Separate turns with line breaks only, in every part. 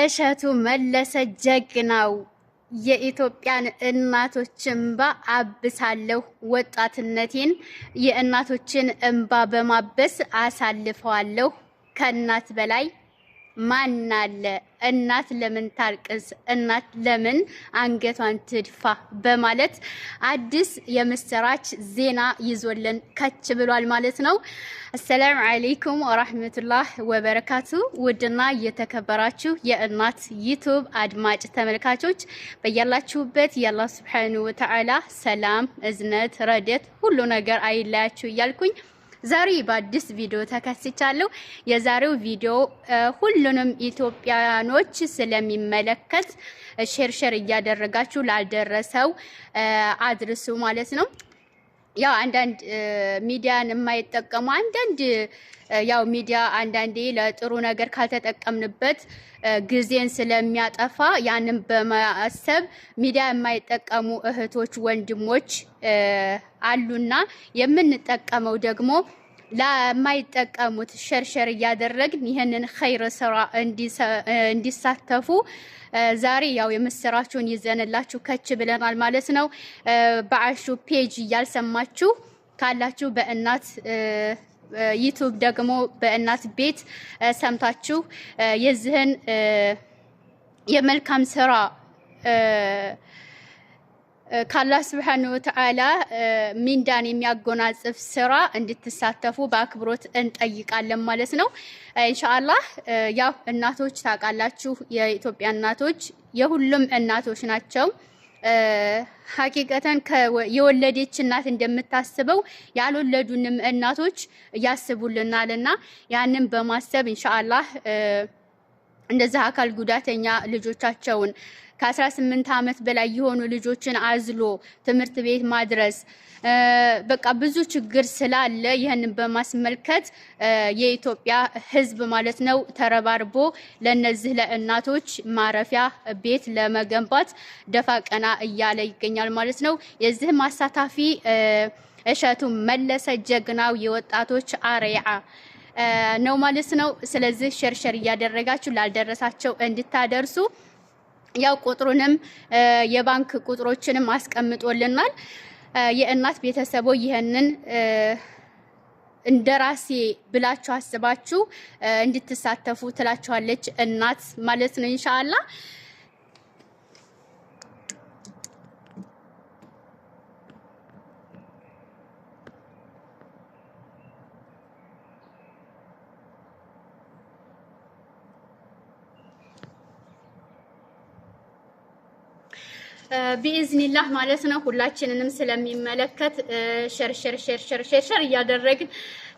እሸቱ መለሰ ጀግናው የኢትዮጵያን እናቶች እንባ አብሳለሁ። ወጣትነቴን የእናቶችን እንባ በማበስ አሳልፈዋለሁ። ከእናት በላይ ማን አለ እናት ለምን ታልቅስ፣ እናት ለምን አንገቷን ትድፋ በማለት አዲስ የምስራች ዜና ይዞልን ከች ብሏል ማለት ነው። አሰላም አለይኩም ወራህመቱላህ ወበረካቱ። ውድና የተከበራችሁ የእናት ዩቱብ አድማጭ ተመልካቾች በያላችሁበት የአላህ ሱብሓነሁ ወተዓላ ሰላም፣ እዝነት፣ ረደት ሁሉ ነገር አይለያችሁ እያልኩኝ ዛሬ በአዲስ ቪዲዮ ተከስቻለሁ። የዛሬው ቪዲዮ ሁሉንም ኢትዮጵያኖች ስለሚመለከት ሸርሸር እያደረጋችሁ ላልደረሰው አድርሱ ማለት ነው። ያው አንዳንድ ሚዲያን የማይጠቀሙ አንዳንድ ያው ሚዲያ አንዳንዴ ለጥሩ ነገር ካልተጠቀምንበት ጊዜን ስለሚያጠፋ ያንን በማሰብ ሚዲያ የማይጠቀሙ እህቶች፣ ወንድሞች አሉና የምንጠቀመው ደግሞ ለማይጠቀሙት ሸርሸር እያደረግን ይህንን ኸይር ስራ እንዲሳተፉ ዛሬ ያው የምስራችሁን ይዘንላችሁ ከች ብለናል ማለት ነው። በአሹ ፔጅ እያልሰማችሁ ካላችሁ በእናት ዩቱብ ደግሞ በእናት ቤት ሰምታችሁ የዚህን የመልካም ስራ ከአላህ ስብሓን ወተዓላ ሚንዳን የሚያጎናጽፍ ስራ እንድትሳተፉ በአክብሮት እንጠይቃለን ማለት ነው። ኢንሻአላህ ያው እናቶች ታውቃላችሁ፣ የኢትዮጵያ እናቶች የሁሉም እናቶች ናቸው። ሀቂቀተን የወለደች እናት እንደምታስበው ያልወለዱንም እናቶች ያስቡልናል እና ያንን በማሰብ ኢንሻአላህ እንደዚህ አካል ጉዳተኛ ልጆቻቸውን ከ18 ዓመት በላይ የሆኑ ልጆችን አዝሎ ትምህርት ቤት ማድረስ በቃ ብዙ ችግር ስላለ ይህንን በማስመልከት የኢትዮጵያ ሕዝብ ማለት ነው ተረባርቦ ለነዚህ ለእናቶች ማረፊያ ቤት ለመገንባት ደፋ ቀና እያለ ይገኛል ማለት ነው። የዚህም አሳታፊ እሸቱ መለሰ ጀግናው የወጣቶች አርአያ ነው ማለት ነው። ስለዚህ ሸርሸር እያደረጋችሁ ላልደረሳቸው እንድታደርሱ ያው ቁጥሩንም የባንክ ቁጥሮችንም አስቀምጦልናል። የእናት ቤተሰቦ ይህንን እንደራሴ ብላችሁ አስባችሁ እንድትሳተፉ ትላችኋለች እናት ማለት ነው ኢንሻአላህ። ቢኢዝኒላህ ማለት ነው። ሁላችንንም ስለሚመለከት ሸርሸር ሸርሸር ሸርሸር እያደረግን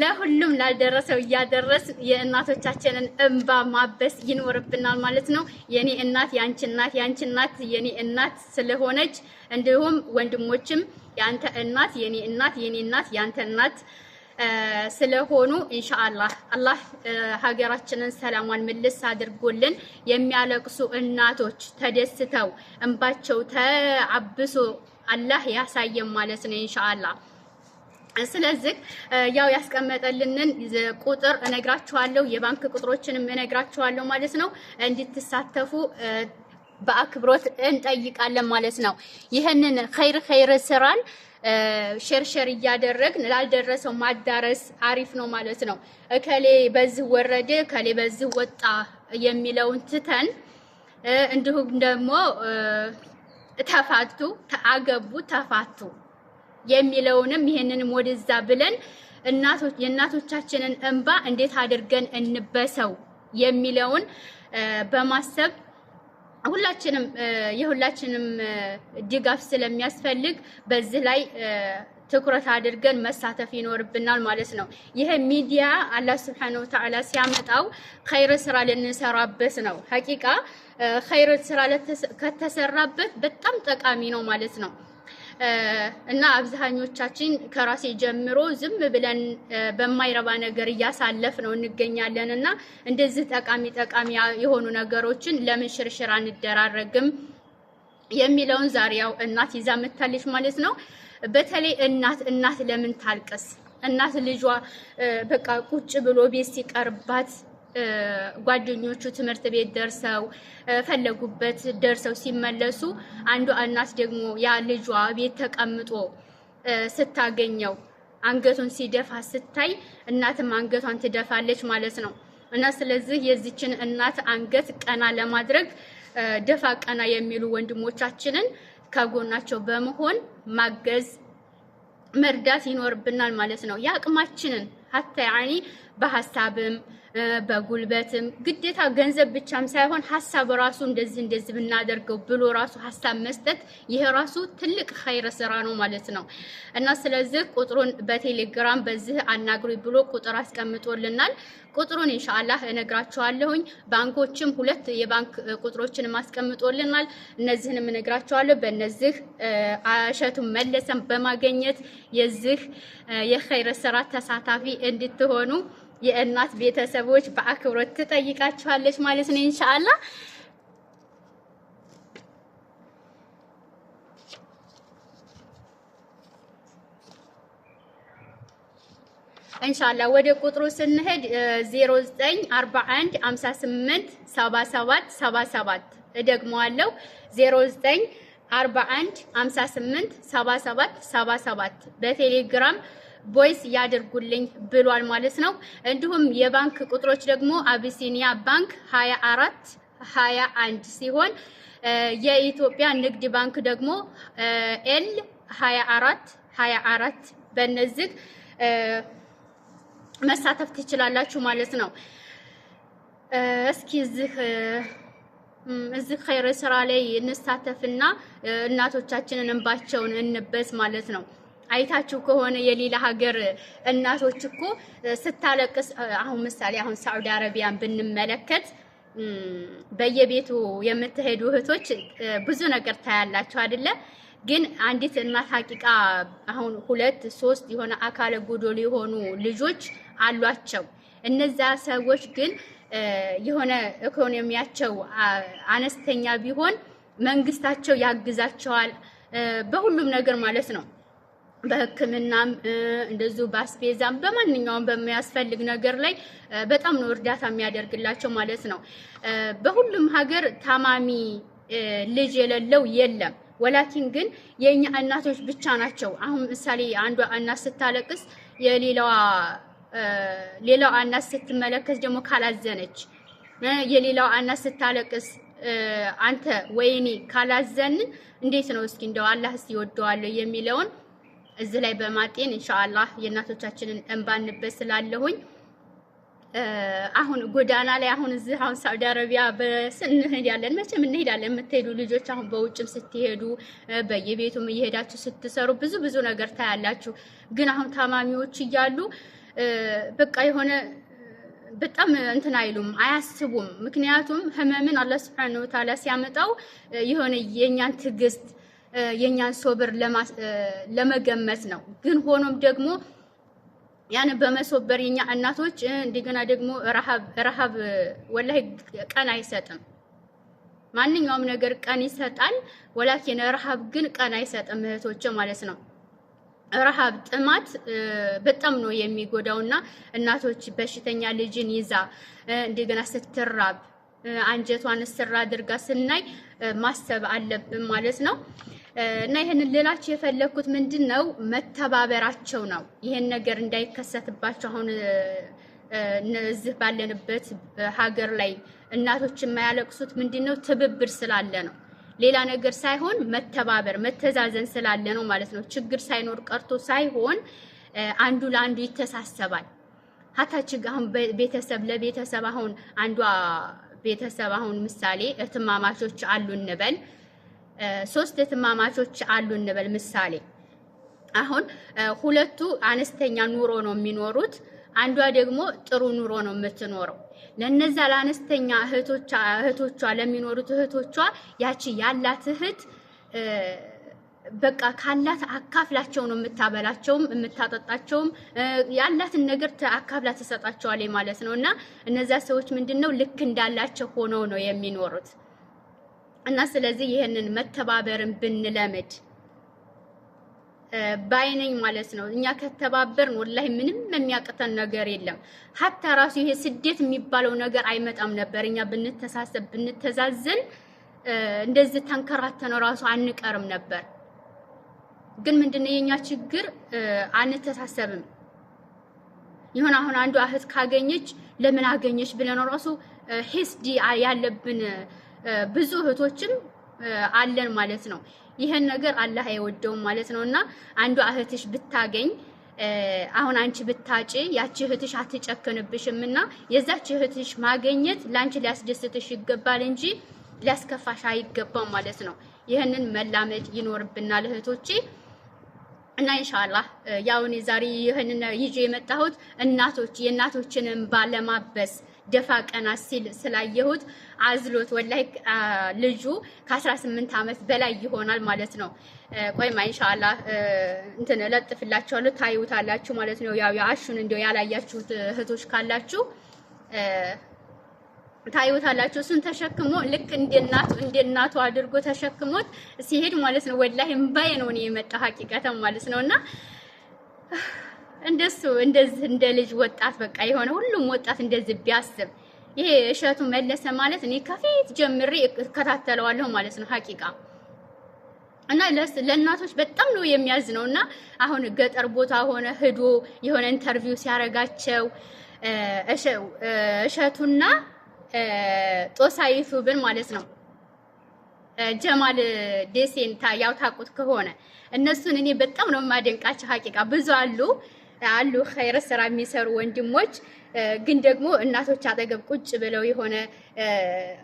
ለሁሉም ላልደረሰው እያደረስ የእናቶቻችንን እንባ ማበስ ይኖርብናል ማለት ነው። የኔ እናት ያንቺ እናት ያንቺ እናት የኔ እናት ስለሆነች እንዲሁም ወንድሞችም የአንተ እናት የኔ እናት የኔ እናት ያንተ እናት ስለሆኑ ኢንሻአላህ አላህ ሀገራችንን ሰላሟን ምልስ አድርጎልን የሚያለቅሱ እናቶች ተደስተው እንባቸው ተአብሶ አላህ ያሳየም ማለት ነው ኢንሻአላህ። ስለዚህ ያው ያስቀመጠልንን ቁጥር እነግራችኋለሁ፣ የባንክ ቁጥሮችንም እነግራችኋለሁ ማለት ነው እንድትሳተፉ በአክብሮት እንጠይቃለን ማለት ነው። ይህንን ኸይር ኸይር ስራን ሸርሸር እያደረግን ላልደረሰው ማዳረስ አሪፍ ነው ማለት ነው። እከሌ በዚህ ወረደ፣ እከሌ በዚህ ወጣ የሚለውን ትተን እንዲሁም ደግሞ ተፋቱ፣ አገቡ፣ ተፋቱ የሚለውንም ይህንንም ወደዛ ብለን የእናቶቻችንን እንባ እንዴት አድርገን እንበሰው የሚለውን በማሰብ ሁላችንም የሁላችንም ድጋፍ ስለሚያስፈልግ በዚህ ላይ ትኩረት አድርገን መሳተፍ ይኖርብናል ማለት ነው። ይሄ ሚዲያ አላህ ስብሐነሁ ወተዓላ ሲያመጣው ኸይር ስራ ልንሰራበት ነው። ሀቂቃ ኸይር ስራ ከተሰራበት በጣም ጠቃሚ ነው ማለት ነው። እና አብዛኞቻችን ከራሴ ጀምሮ ዝም ብለን በማይረባ ነገር እያሳለፍ ነው እንገኛለን እና እንደዚህ ጠቃሚ ጠቃሚ የሆኑ ነገሮችን ለምን ሽርሽር አንደራረግም የሚለውን ዛሬ ያው እናት ይዛ መታለች ማለት ነው። በተለይ እናት እናት ለምን ታልቅስ? እናት ልጇ በቃ ቁጭ ብሎ ቤት ሲቀርባት ጓደኞቹ ትምህርት ቤት ደርሰው ፈለጉበት ደርሰው ሲመለሱ አንዷ እናት ደግሞ ያ ልጇ ቤት ተቀምጦ ስታገኘው አንገቱን ሲደፋ ስታይ እናትም አንገቷን ትደፋለች ማለት ነው። እና ስለዚህ የዚችን እናት አንገት ቀና ለማድረግ ደፋ ቀና የሚሉ ወንድሞቻችንን ከጎናቸው በመሆን ማገዝ መርዳት ይኖርብናል ማለት ነው። የአቅማችንን ሀታ ያኒ በሀሳብም በጉልበትም ግዴታ ገንዘብ ብቻም ሳይሆን ሀሳብ ራሱ እንደዚህ እንደዚህ ብናደርገው ብሎ ራሱ ሀሳብ መስጠት ይሄ ራሱ ትልቅ ኸይረ ስራ ነው ማለት ነው። እና ስለዚህ ቁጥሩን በቴሌግራም በዚህ አናግሩኝ ብሎ ቁጥር አስቀምጦልናል። ቁጥሩን ኢንሻአላህ እነግራቸዋለሁኝ። ባንኮችም ሁለት የባንክ ቁጥሮችንም አስቀምጦልናል። እነዚህንም እነግራቸዋለሁ። በእነዚህ እሸቱ መለሰን በማገኘት የዚህ የኸይረ ስራ ተሳታፊ እንድትሆኑ የእናት ቤተሰቦች በአክብሮት ትጠይቃችኋለች ማለት ነው ኢንሻአላ እንሻላ ወደ ቁጥሩ ስንሄድ 0941 58 77 77 እደግመዋለሁ 0941 58 77 77 በቴሌግራም ቮይስ ያደርጉልኝ ብሏል ማለት ነው። እንዲሁም የባንክ ቁጥሮች ደግሞ አቢሲኒያ ባንክ 24 21 ሲሆን የኢትዮጵያ ንግድ ባንክ ደግሞ ኤል 24 24 በነዚህ መሳተፍ ትችላላችሁ ማለት ነው። እስኪ እዚህ እዚህ ኸይር ስራ ላይ እንሳተፍና እናቶቻችንን እንባቸውን እንበስ ማለት ነው። አይታችሁ ከሆነ የሌላ ሀገር እናቶች እኮ ስታለቅስ፣ አሁን ምሳሌ አሁን ሳዑዲ አረቢያን ብንመለከት በየቤቱ የምትሄዱ እህቶች ብዙ ነገር ታያላችሁ አይደለ? ግን አንዲት እናት ሀቂቃ አሁን ሁለት ሶስት የሆነ አካለ ጎዶሎ የሆኑ ልጆች አሏቸው። እነዛ ሰዎች ግን የሆነ ኢኮኖሚያቸው አነስተኛ ቢሆን መንግስታቸው ያግዛቸዋል በሁሉም ነገር ማለት ነው። በሕክምናም እንደዚሁ በአስቤዛም በማንኛውም በሚያስፈልግ ነገር ላይ በጣም ነው እርዳታ የሚያደርግላቸው ማለት ነው። በሁሉም ሀገር ታማሚ ልጅ የሌለው የለም። ወላኪን ግን የእኛ እናቶች ብቻ ናቸው። አሁን ምሳሌ አንዷ እናት ስታለቅስ የሌላዋ ሌላዋ እናት ስትመለከት ደግሞ ካላዘነች የሌላዋ እናት ስታለቅስ አንተ ወይኔ ካላዘን እንዴት ነው እስኪ እንደው አላህ እስኪ ይወደዋለሁ የሚለውን እዚህ ላይ በማጤን ኢንሻአላህ የእናቶቻችንን እንባንበት ስላለሁኝ አሁን ጎዳና ላይ አሁን እዚህ አሁን ሳውዲ አረቢያ እንሄዳለን፣ መቼም እንሄዳለን። የምትሄዱ ልጆች አሁን በውጭም ስትሄዱ በየቤቱም እየሄዳችሁ ስትሰሩ ብዙ ብዙ ነገር ታያላችሁ። ግን አሁን ታማሚዎች እያሉ በቃ የሆነ በጣም እንትን አይሉም፣ አያስቡም። ምክንያቱም ህመምን አላህ ሱብሓነሁ ወተዓላ ሲያመጣው የሆነ የእኛን ትዕግስት የእኛን ሶብር ለመገመት ነው። ግን ሆኖም ደግሞ ያን በመሶበር የኛ እናቶች እንደገና ደግሞ ረሃብ ረሃብ ወላሂ ቀን አይሰጥም። ማንኛውም ነገር ቀን ይሰጣል፣ ወላኪን ረሃብ ግን ቀን አይሰጥም እህቶች ማለት ነው። ረሃብ ጥማት በጣም ነው የሚጎዳውና እናቶች በሽተኛ ልጅን ይዛ እንደገና ስትራብ አንጀቷን ስራ አድርጋ ስናይ ማሰብ አለብን ማለት ነው። እና ይህንን ልላችሁ የፈለግኩት ምንድን ነው መተባበራቸው ነው። ይህን ነገር እንዳይከሰትባቸው አሁን እዚህ ባለንበት ሀገር ላይ እናቶች የማያለቅሱት ምንድን ነው ትብብር ስላለ ነው። ሌላ ነገር ሳይሆን መተባበር መተዛዘን ስላለ ነው ማለት ነው። ችግር ሳይኖር ቀርቶ ሳይሆን አንዱ ለአንዱ ይተሳሰባል። ሀታች አሁን ቤተሰብ ለቤተሰብ አሁን አንዷ ቤተሰብ አሁን ምሳሌ እህትማማቾች አሉ እንበል ሶስት እህትማማቾች አሉ እንበል ምሳሌ አሁን ሁለቱ አነስተኛ ኑሮ ነው የሚኖሩት፣ አንዷ ደግሞ ጥሩ ኑሮ ነው የምትኖረው። ለነዛ ለአነስተኛ እህቶቿ እህቶቿ ለሚኖሩት እህቶቿ ያቺ ያላት እህት በቃ ካላት አካፍላቸው ነው የምታበላቸውም የምታጠጣቸውም ያላትን ነገር አካፍላ ትሰጣቸዋለች ማለት ነው። እና እነዛ ሰዎች ምንድን ነው ልክ እንዳላቸው ሆነው ነው የሚኖሩት። እና ስለዚህ ይህንን መተባበርን ብንለምድ ባይነኝ ማለት ነው። እኛ ከተባበርን ወላሂ ምንም የሚያቅተን ነገር የለም። ሀታ ራሱ ይሄ ስደት የሚባለው ነገር አይመጣም ነበር። እኛ ብንተሳሰብ፣ ብንተዛዘን እንደዚህ ተንከራተነው ራሱ አንቀርም ነበር። ግን ምንድነው የኛ ችግር? አንተሳሰብም። ይሁን አሁን አንዱ እህት ካገኘች ለምን አገኘች ብለን ራሱ ሂስዲ ያለብን ብዙ እህቶችም አለን ማለት ነው። ይህን ነገር አላህ አይወደውም ማለት ነው። እና አንዷ እህትሽ ብታገኝ አሁን አንቺ ብታጭ ያቺ እህትሽ አትጨክንብሽም እና የዛች እህትሽ ማገኘት ለአንቺ ሊያስደስትሽ ይገባል እንጂ ሊያስከፋሽ አይገባም ማለት ነው። ይህንን መላመድ ይኖርብናል እህቶቼ። እና ኢንሻአላህ ያው እኔ ዛሬ ይህንን ይዤ የመጣሁት እናቶች የእናቶችን ባለማበስ ደፋ ቀና ሲል ስላየሁት አዝሎት ወላይ ልጁ ከ18 ዓመት በላይ ይሆናል ማለት ነው። ቆይማ ኢንሻአላ እንትን እለጥፍላችኋለሁ ታዩታላችሁ ማለት ነው። ያው አሹን እንደው ያላያችሁት እህቶች ካላችሁ ታዩታላችሁ። እሱን ተሸክሞ ልክ እንደናቱ እንደናቱ አድርጎ ተሸክሞት ሲሄድ ማለት ነው። ወላይ እምባዬ ነው እኔ የመጣ ሀቂቀተም ማለት ነውና እንደሱ እንደዚህ እንደ ልጅ ወጣት በቃ የሆነ ሁሉም ወጣት እንደዚህ ቢያስብ ይሄ እሸቱ መለሰ ማለት እኔ ከፊት ጀምሬ እከታተለዋለሁ ማለት ነው ሀቂቃ እና ለእናቶች በጣም ነው የሚያዝነው። እና አሁን ገጠር ቦታ ሆነ ህዶ የሆነ ኢንተርቪው ሲያረጋቸው እሸቱና ጦሳይቱ ብን ማለት ነው ጀማል ዴሴን ያው ታውቁት ከሆነ እነሱን እኔ በጣም ነው የማደንቃቸው ሀቂቃ ብዙ አሉ። አሉ ኸይረ ስራ የሚሰሩ ወንድሞች ግን ደግሞ እናቶች አጠገብ ቁጭ ብለው የሆነ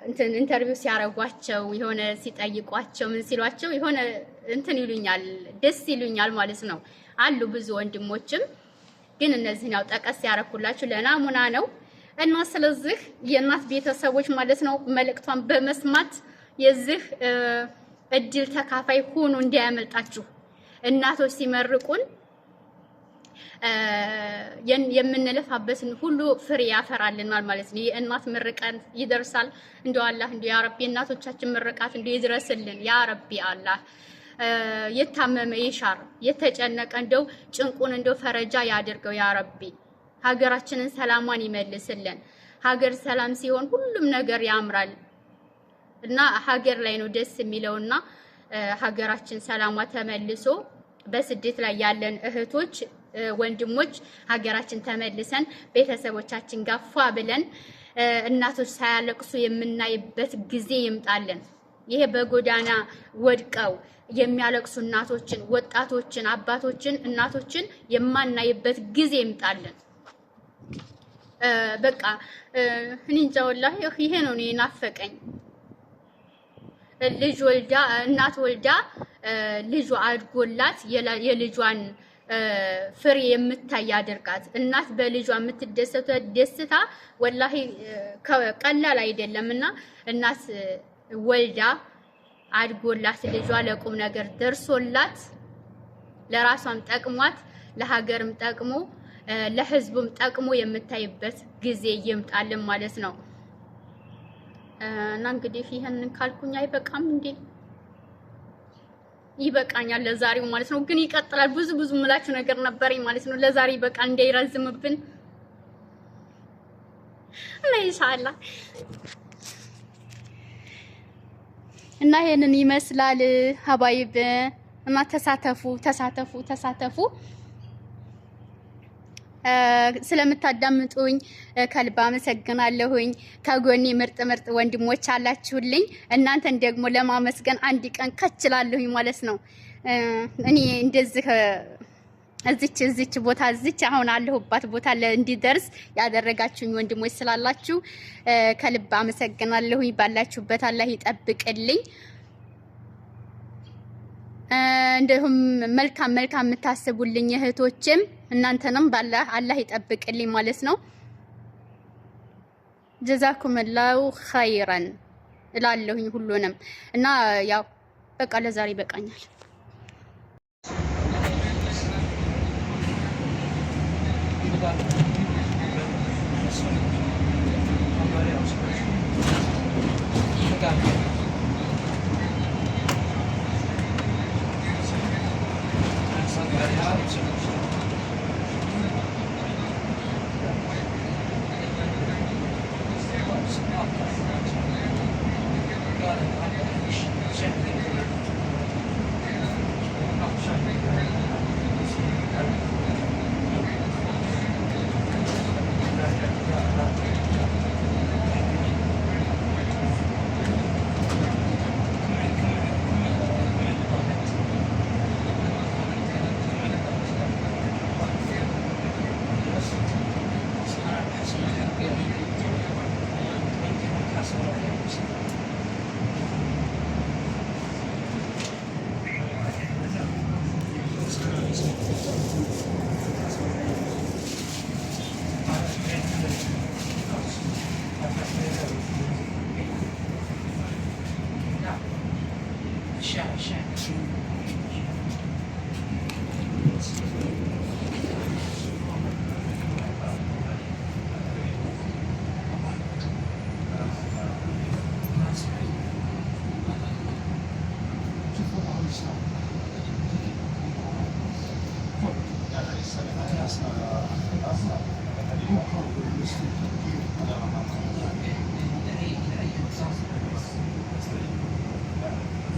እንትን ኢንተርቪው ሲያረጓቸው የሆነ ሲጠይቋቸው ምን ሲሏቸው የሆነ እንትን ይሉኛል፣ ደስ ይሉኛል ማለት ነው። አሉ ብዙ ወንድሞችም ግን እነዚህን ያው ጠቀስ ያረኩላችሁ ለናሙና ነው እና ስለዚህ የእናት ቤተሰቦች ማለት ነው መልእክቷን በመስማት የዚህ እድል ተካፋይ ሁኑ፣ እንዳያመልጣችሁ እናቶች ሲመርቁን የምንለፋበትን ሁሉ ፍሬ ያፈራልናል ማለት ነው። የእናት ምርቃት ይደርሳል። እንደ አላህ እንደ ያረቢ እናቶቻችን ምርቃት እንደ ይድረስልን ያረቢ አላህ የታመመ ይሻር፣ የተጨነቀ እንደው ጭንቁን እንደው ፈረጃ ያድርገው ያረቢ። ሀገራችንን ሰላሟን ይመልስልን። ሀገር ሰላም ሲሆን ሁሉም ነገር ያምራል እና ሀገር ላይ ነው ደስ የሚለውና ሀገራችን ሰላሟ ተመልሶ በስደት ላይ ያለን እህቶች ወንድሞች ሀገራችን ተመልሰን ቤተሰቦቻችን ጋር ፏ ብለን እናቶች ሳያለቅሱ የምናይበት ጊዜ ይምጣልን። ይሄ በጎዳና ወድቀው የሚያለቅሱ እናቶችን፣ ወጣቶችን፣ አባቶችን፣ እናቶችን የማናይበት ጊዜ ይምጣልን። በቃ እኔ እንጃ ወላሂ ይሄ ነው እኔ ናፈቀኝ። ልጅ ወልዳ እናት ወልዳ ልጇ አድጎላት የልጇን ፍሬ የምታይ ያደርጋት እናት በልጇ የምትደሰቱ ደስታ ወላሂ ቀላል አይደለም። እና እናት ወልዳ አድጎላት ልጇ ለቁም ነገር ደርሶላት ለራሷም ጠቅሟት ለሀገርም ጠቅሞ ለህዝቡም ጠቅሞ የምታይበት ጊዜ ይምጣልን ማለት ነው። እና እንግዲህ ይህንን ካልኩኝ አይበቃም እንዴ? ይበቃኛል ለዛሬው ማለት ነው። ግን ይቀጥላል። ብዙ ብዙ ምላችሁ ነገር ነበረኝ ማለት ነው። ለዛሬ ይበቃል እንዳይረዝምብን ኢንሻአላ እና ይሄንን ይመስላል ሀባይብ እና ተሳተፉ ተሳተፉ ተሳተፉ። ስለምታዳምጡኝ ከልብ አመሰግናለሁኝ። ከጎኔ ምርጥ ምርጥ ወንድሞች አላችሁልኝ። እናንተን ደግሞ ለማመስገን አንድ ቀን ከችላለሁኝ ማለት ነው። እኔ እንደዚህ እዚች እዚች ቦታ እዚች አሁን አለሁባት ቦታ እንዲደርስ ያደረጋችሁኝ ወንድሞች ስላላችሁ ከልብ አመሰግናለሁኝ። ባላችሁበት አላህ ይጠብቅልኝ። እንዲሁም መልካም መልካም የምታስቡልኝ እህቶችም እናንተንም ባላህ አላህ ይጠብቅልኝ ማለት ነው። ላው ኸይረን እላለሁኝ ሁሉንም እና ያው በቃ ለዛሬ ይበቃኛል።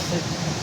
আছে